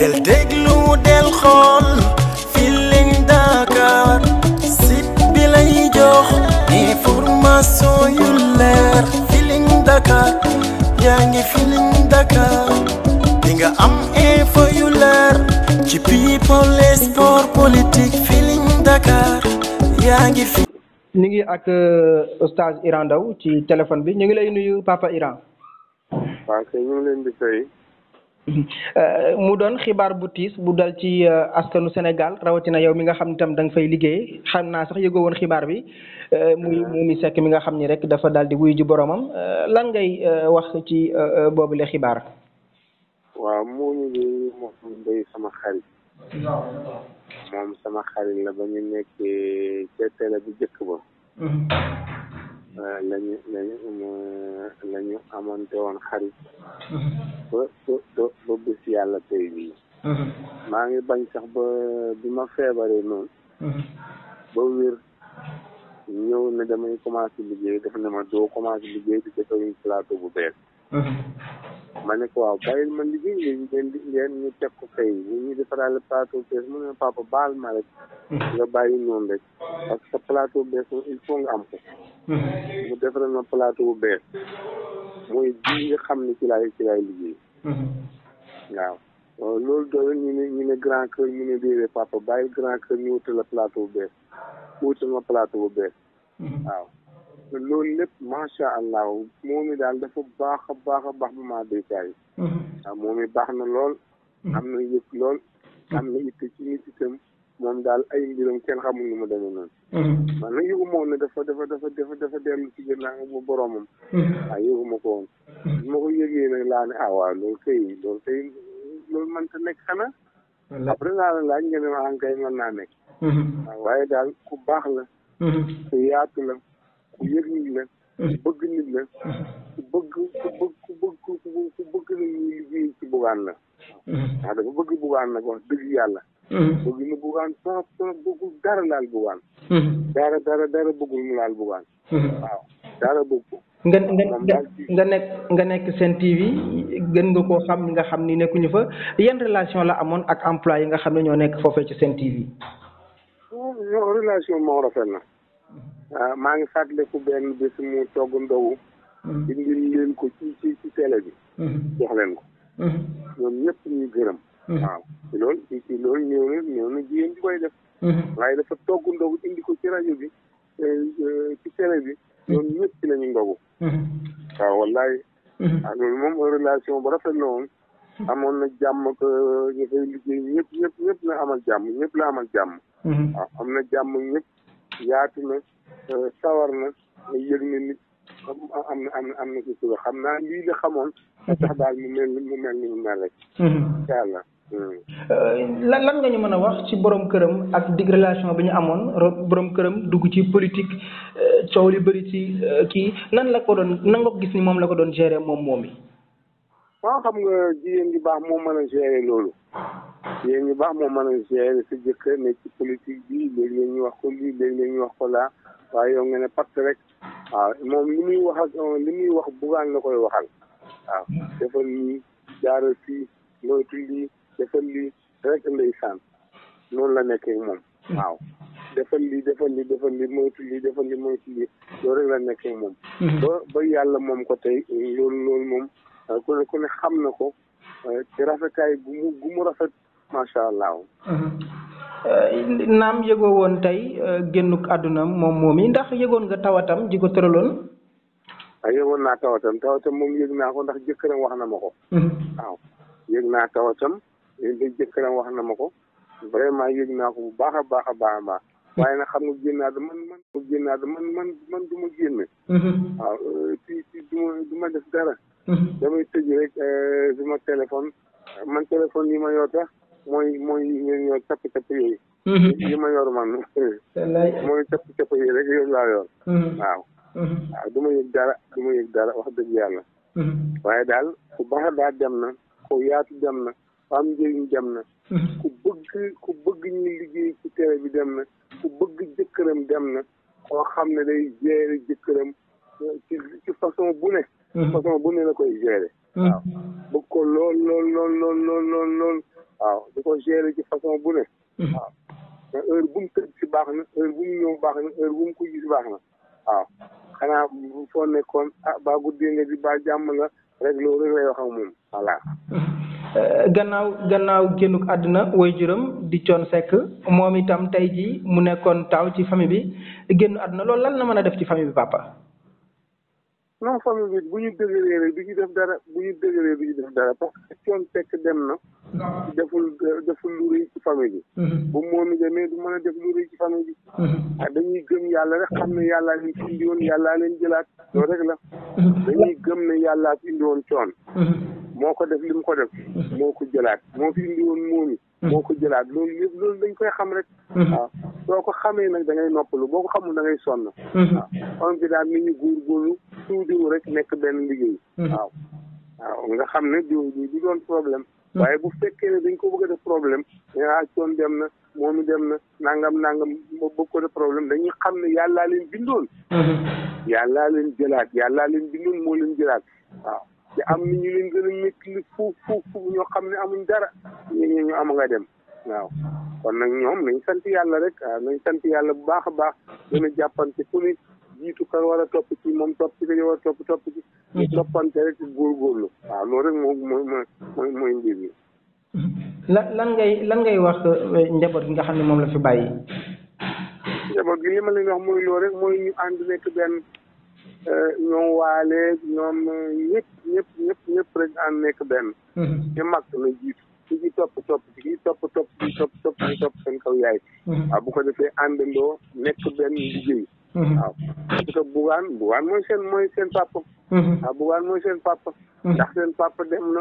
del déglu del xool Feeling Dakar site bi lay jox information yu leer Feeling Dakar yaa ngi Feeling Dakar di nga am info yu leer ci people sport politique Feeling Dakar yaa ngi fi. ñu ngi ak euh, Oustaz Iran Ndao ci téléphone bi ñu ngi lay nuyu Papa Iran. waaw kay ñu ngi leen di fay. Euh, mu doon xibaar bu tiis bu dal ci euh, askanu Sénégal rawatina yow mi nga xam ne tam danga nga fay liggéey xam naa sax yëgoo woon xibaar bi euh, mu Momy Seck mi nga xam ni rek dafa daal di wuyu ji boromam lan ngay wax ci boobule xibaar. waaw Momy bi moom day sama xarit. moom sama xarit la ba ñu nekkee ca télé jëkk ba. Mhm. lañu lañu la ñu amante woon xarit mm-hmm. ba ba ba bis yàlla tey bii mm-hmm. maa ngi bañ sax ba bi ma feebaree noonu mm-hmm. ba wér ñëw ne damay commencé liggéey daf ne ma doo commencé liggéey di defar plateau bu bees ma ne ko waaw bàyyil ma liggéey léegi ngeen di leen ñu teg ko fay ñu ñuy defaraale plateau bees mu ne papa baal ma rek nga bàyyi noonu rek parce que plateau bees moom il faut nga am ko mm-hmm. mu defaral ma plateau bees mooy bii nga xam ne ci laay ci laay liggéey mm-hmm. waaw loolu doole ñu ne ñu ne grand cœur ñu ne déedéet papa bàyyi grand cœur ñu wutal la plateau bees wutal ma plateau bees mm-hmm. waaw te loolu lépp macha allah moom mi daal dafa baax a baax a baax maman béykat yi. waaw moom mi baax na lool. Mhm. am na yëg lool. Mhm. am na it ci nit itam moom daal ay mbiram kenn xamul nu mu demee noonu. Mhm. man nag yëgu ma woon ne dafa dafa dafa dafa dafa dellu ci gannaaw bu boromam. waaw yëgu ma ko woon. bi ma ko yëgee nag laa ne ah waaw loolu kay loolu kay loolu mënta nekk xanaa. wallaay après laa la laaj nga ne ma ah kay mën naa nekk. waaw waaye daal ku baax la. ku yaatu la. ku yëg nit la mm-hmm. bëgg mm-hmm. bëgg ku bëgg ku bëgg ku bëgg la ñuy liggéey ci bugaan mm-hmm. ah, yàlla bëgg nga nga nekk nga nekk seen TV gën nga koo xam nga xam ni nekkuñu fa yan relation la amoon ak emploi yi nga xam ne ñoo nekk foofee ci seen TV. relation moom rafet na. Ah, maa ngi ku benn bés mu togg ndogu. Mm-hmm. indil leen ko ci ci ci télé bi. Mm-hmm. jox leen ko. Mm-hmm. ñoom ñëpp ñu gërëm. waaw ci loolu ci ci ñëw na ñëw na jigéen di koy def. waaye dafa togg ndogu indi ko ci rajo bi eh, eh, ci télé bi. ñoom ñëpp ci la ndogu. waaw wallaay. ah loolu moom relation bu rafet la amoon na jàmm que ñu fay liggéey ñëpp ñëpp jàmm ñëpp la amal jàmm. waaw am na jàmm ñëpp. yaatu na euh, sawar na yëg na nit am na am na am na ci suba xam naa lii la xamoon tax daal mu mel mu mel ni mu mel rek mhm. hmm. euh, lan lan nga ñu mën a wax ci borom këram ak dig relation bi ñu amoon borom këram dugg ci politique euh, coow li bëri ci kii nan la ko doon nan nga ko gis ni moom la ko doon gérer moom moom yi waaw xam nga jigéen ju baax moo mën a gérer loolu yéen ñu baax moo mën a gérer sa jëkkër ne ci politique bi léeg-léeg ñu wax ko lii léeg-léeg wax ko laa waaye yow nga ne pacte rek waaw moom li muy wax ak li muy wax bugaan la koy waxal waaw defal lii jaaral fii moytu lii defal lii rek ndeysaan noonu la nekkee moom waaw defal lii defal lii defal lii moytu lii defal lii moytu lii loolu rek la nekkee moom mm-hmm. ba ba yàlla moom ko tey loolu loolu moom ku ne xam na ko ci rafetaay gu mu mu rafet macha allah. naam yëgoo woon tey euh, génnuk àdduna moom moom yi ndax yëgoon nga tawatam ji ko tëraloon. waaw ah, yëgoon naa tawatam tawatam moom yëg naa ko ndax jëkkëram wax na ma ko. Mhm. waaw yëg naa na ma ko vraiment yëg naa bu baax a baax a baax a baax. waaye nag xam nga génnaat man man génnaat man man man du ma génn. Mhm. waaw ci euh, ci du ma du ma def dara. Mhm. damay tëj rek euh, sama téléphone man téléphone yi ma yor mooy mooy yooyu capp mm-hmm. capp yooyu. yi ma yor man. mooy capp capp yooyu rek yooyu laa yor. Mm-hmm. waaw. Mm-hmm. waaw du ma yëg dara du ma yëg dara wax dëgg yàlla. waaye daal ku baax daa dem na ku yaatu dem na ku am njëriñ dem na. ku bëgg ku bëgg ñu liggéey ci tere bi dem na ku bëgg jëkkëram dem na koo xam ne day gérer jëkkëram euh, ci ci façon bu ne. la koy gérer. waaw réeré ci façon bu mhm. waaw te heure bu mu tëdd si baax na heure bu mu ñëw baax na heure bu mu ko gis baax na waaw xanaa foo nekkoon ah ba nga di ba jàmm la rek loolu rek lay wax ak moom eh, gannaaw gannaaw génnuk àdduna way juróom di coon sekk moom itam tey jii mu nekkoon taaw ci famille bi génn àdduna loolu lan na mën a def ci famille bi papa. non famille bu ñu dëgëree rek du ñu def dara bu ñu dëgëree du ñu def dara parce coon tekk dem na deful deful lu rëy ci famille bi mm-hmm. bu moom i demee du mën def lu rëy ci famille bi mm-hmm. ah dañuy gëm yàlla rek xam ne yàlla leen fi indi woon yàllaa leen jëlaat loolu rek la mm-hmm. dañuy gëm ne yàlla fi indi coon moo ko def li mu ko def moo ko jëlaat moo fi indi woon moo ko jëlaat loolu yëpp loolu dañ koy xam rek waaw ah, soo ko xamee nag dangay ngay noppalu boo ko xamul da ngay diw diw rek nekk benn liggéey. Mhm. waaw waaw nga xam ne diw diw doon problème. Mhm. waaye bu fekkee ne dañ ko bëgg a def problème ah coon dem na moomu dem na nangam nangam ma bëgg ko def problème dañuy xam ne yàlla leen bindoon. Mhm. yàllaa leen jëlaat yàllaa leen bindoon moo leen jëlaat waaw. te am na ñu leen gën a métti li fuuf fuuf ñoo xam ne amuñ dara ñu ñu am nga dem waaw kon nag ñoom nañ sant yàlla rek ah, nañ sant yàlla bu baax a baax gën a jàppante fu ni jiitu kan war a topp ci moom topp ci kañ war a topp topp ci. ñu mhm. toppante rek góorgóorlu. waaw loolu moom mhm. wax euh, njaboot gi ne moom la fi bàyyi. gi li ma leen wax mooy loolu rek ñu ànd nekk benn euh, ñoom euh, ñëpp ñëpp ñëpp ñëpp nekk benn. te mhm. mag na jiitu. ci ci topp topp ci ci topp topp ci kaw yaay. waaw bu ko defee àndandoo nekk benn liggéey. Mm-hmm. waaw parce que Bougane Bougane mooy seen mooy seen papa. waaw mm-hmm. ah, Bougane mooy seen papa. Mm-hmm. ndax seen papa dem na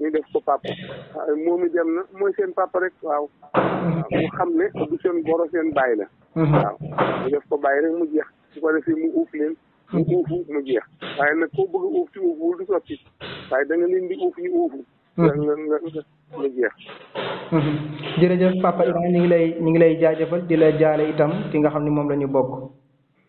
ñu def ko papa ah, moom i dem na mooy seen papa rek waaw. mu xam ne du seen goro seen bàyyi la. mu def ko bàyyi rek mu jeex su ko defee mu uuf leen. mu uufu mu jeex waaye nag koo bëgg uuf ci uuful du sotti waaye da nga leen di uuf ñu uufu. nga nga nga nga jeex. ñu ngi lay ñu ngi lay jaajëfal di la jaale itam ki nga xam ne moom la ñu bokk.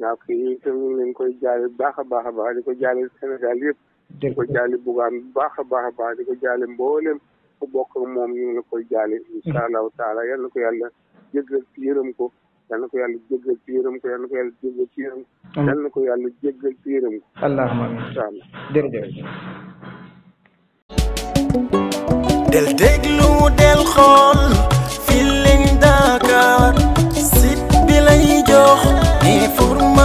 waaw kii ñun itam ñu ngi koy jaale baax a baax a baax di ko jaale Sénégal yëpp. di ko jaale bugaan baax a baax a baax di ko jaale mboolem ku bokk ak moom ñu ngi la koy jaale. Mm-hmm. incha allahu taala yal na ko yàlla jéggal ci yërëm ko. yal na ko yàlla jéggal ci ko yal na ko yàlla jéggal ci ko. yal na ko yàlla jéggal ci yërëm del déglu del xool.